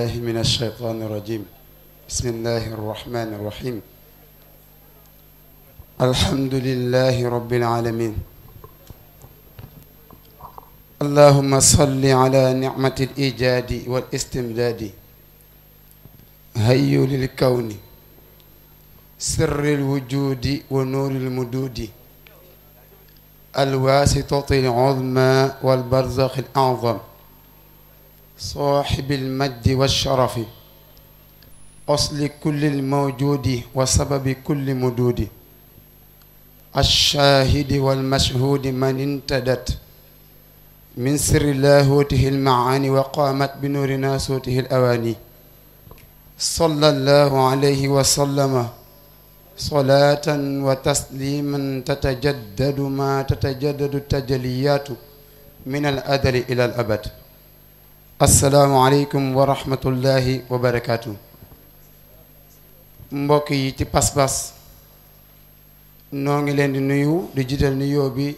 الله من الشيطان الرجيم بسم الله الرحمن الرحيم الحمد لله رب العالمين اللهم صل على نعمة الإيجاد والاستمداد هي للكون سر الوجود ونور المدود الواسطة العظمى والبرزخ الأعظم صاحب المجد والشرف أصل كل الموجود وسبب كل مدود الشاهد والمشهود من انتدت من سر لاهوته المعاني وقامت بنور ناسوته الأواني صلى الله عليه وسلم صلاة وتسليما تتجدد ما تتجدد التجليات من الأدل إلى الأبد asalaamualeykum wa rahmatullahi wa barakaatu mbokk yi ci pas-pas noo ngi leen di nuyu di jiital nuyoo bi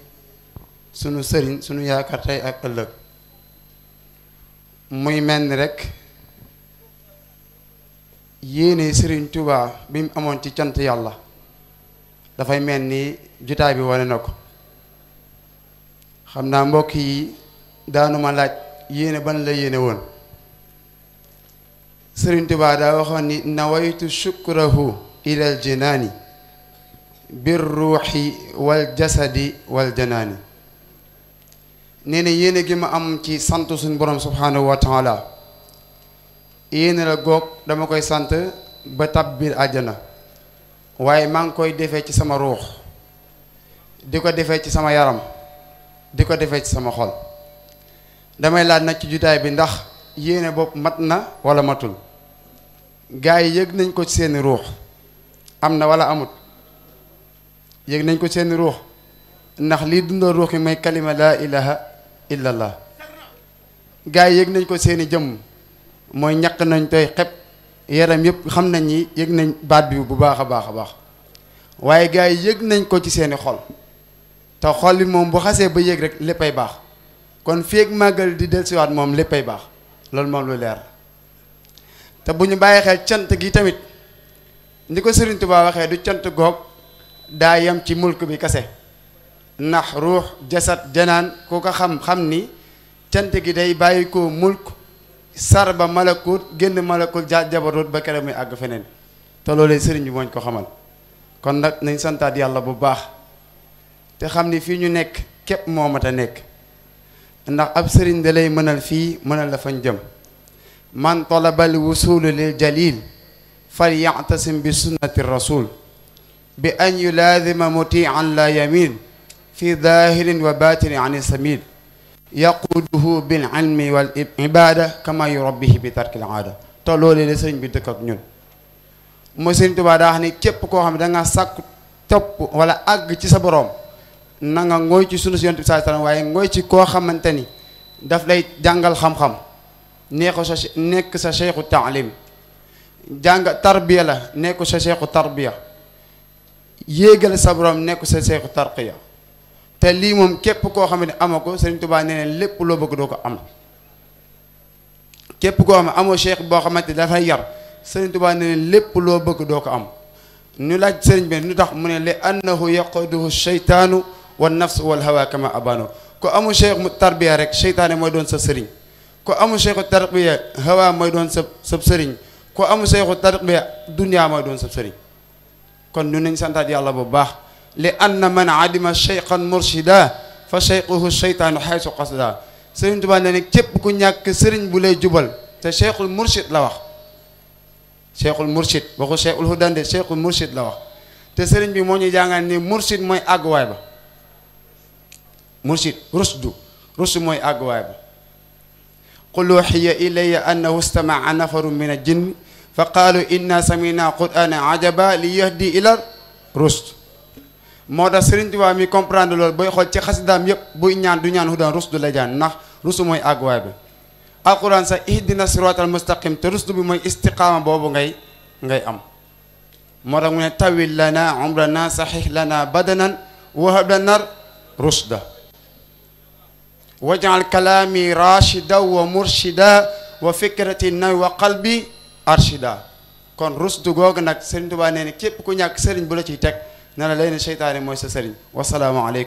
sunu sëriñ sunu yaakaar tey ak ëllëg muy mel ni rekk yéene sëriñ Tuubaa bi mu amoon ci cant yàlla dafay mel ni jotaay bi wane na ko xam naa mbokk yi daanuma laaj yéene ban la yéene woon Sëriñ Tuubaa daa waxoon ni nawaytu shukrahu ilal jinaani bir ruuxi wal jasadi wal janaani nee na yéene gi ma am ci sant suñ borom subhanahu wa taala yéene la goog dama koy sant ba tab biir àjjana waaye maa ngi koy defee ci sama ruux di ko defee ci sama yaram di ko defee ci sama xol damay laaj nag ci jotaay bi ndax yéene bopp mat na wala matul gaa yi yëg nañ ko ci seeni ruux am na wala amut yëg nañ ko seeni ruux ndax lii dundal ruux yi may kalima laa ilaha illa allah gaa yi yëg nañ ko seeni jëmm mooy ñaq nañ tey xep yaram yëpp xam nañ ni yëg nañ baat bi bu baax a baax a baax waaye gaa yi yëg nañ ko ci seeni xol te xol li moom bu xasee ba yëg rek léppay baax kon feeg màggal di dellusiwaat moom lépp ay baax loolu moom lu leer te bu ñu bàyyi xel cant gi tamit ni ko Serigne Touba waxee du cant goog daa yam ci mulk bi kase ndax ruux jasad janaan ku ko xam-xam ni cant gi day bàyyi ko mulk sar ba malakut génn malakut ja jabarut ba kere àgg feneen te loolee sëriñ bi mooñ ko xamal kon nag nañ santaat yàlla bu baax te xam ni fii ñu nekk képp moo mat a nekk ndax ab sëriñ da lay mënal fii mënal la fañ jëm man talabal wusulu lil jalil fal yactasim bi sunnati rasul bi an yulaazima mutian la yamin fi dahirin wa batini an sabil yaquuduhu bil ilmi wal ibada kama yurabbihi bi tarkil aada te loolee la sëriñ bi dëkk ak ñun mooy sëriñ Tuubaa daa xam ne képp koo xam ne da nga sàkku topp wala àgg ci sa boroom na nga ngooy ci sunu yonent bi sallallahu alayhi waaye ngooy ci koo xamante ni daf lay jàngal xam-xam nekk sa nekk sa cheikhu taalim jàng tarbiya la nekk sa cheikhu tarbiya yéegal sa nekk sa cheikhu tarqiya te lii moom képp koo xam ne ama ko Sëriñ Tuubaa loo bëgg doo ko am képp koo xam ne amoo cheikh boo xamante dafay yar Sëriñ Tuubaa nee lépp loo bëgg doo ko am ñu laaj sëriñ bi ñu tax mu ne li annahu yaquduhu sheytaanu والنفس والهوى كما أبانو كو أمو شيخ التربية رك شيطان ما يدون سسرين كو أمو شيخ التربية هوى ما يدون سسرين كو أمو شيخ التربية دنيا ما يدون سسرين كون نونين سانتا دي الله بباح لأن من عدم شيخا مرشدا فشيخه الشيطان حيث قصدا سرين تبان لأنك كيب كن ياك سرين بولي جبل تشيخ المرشد لوح شيخ المرشد بقول شيخ الهدى شيخ المرشد لوح تسرين بي موني جانا ني مرشد موي اغوايبه mursid rusdu rusdu mooy àgguwaay bi qul uxiya ilaya annahu istamaca nafaru min aljinni fa qaalu inna samina qur'ana ajaba li yahdi ila rusd moo tax Sëriñ Tuubaa mi comprendre loolu booy xool ci xasidaam yépp buy ñaan du ñaan hudan rusdu la mooy àgguwaay bi alquran mustaqim te rusdu bi mooy istiqaama boobu ngay ngay am moo tax lana umrana lana badanan wahab lana rusda واجعل كلامي راشدا ومرشدا وفكرتي نا وقلبي ارشدا كون رشد غوغ نك سيرن دوبا نين كيب كو نياك سيرن بولا تي تك نانا لين الشيطان موسى سيرن والسلام عليكم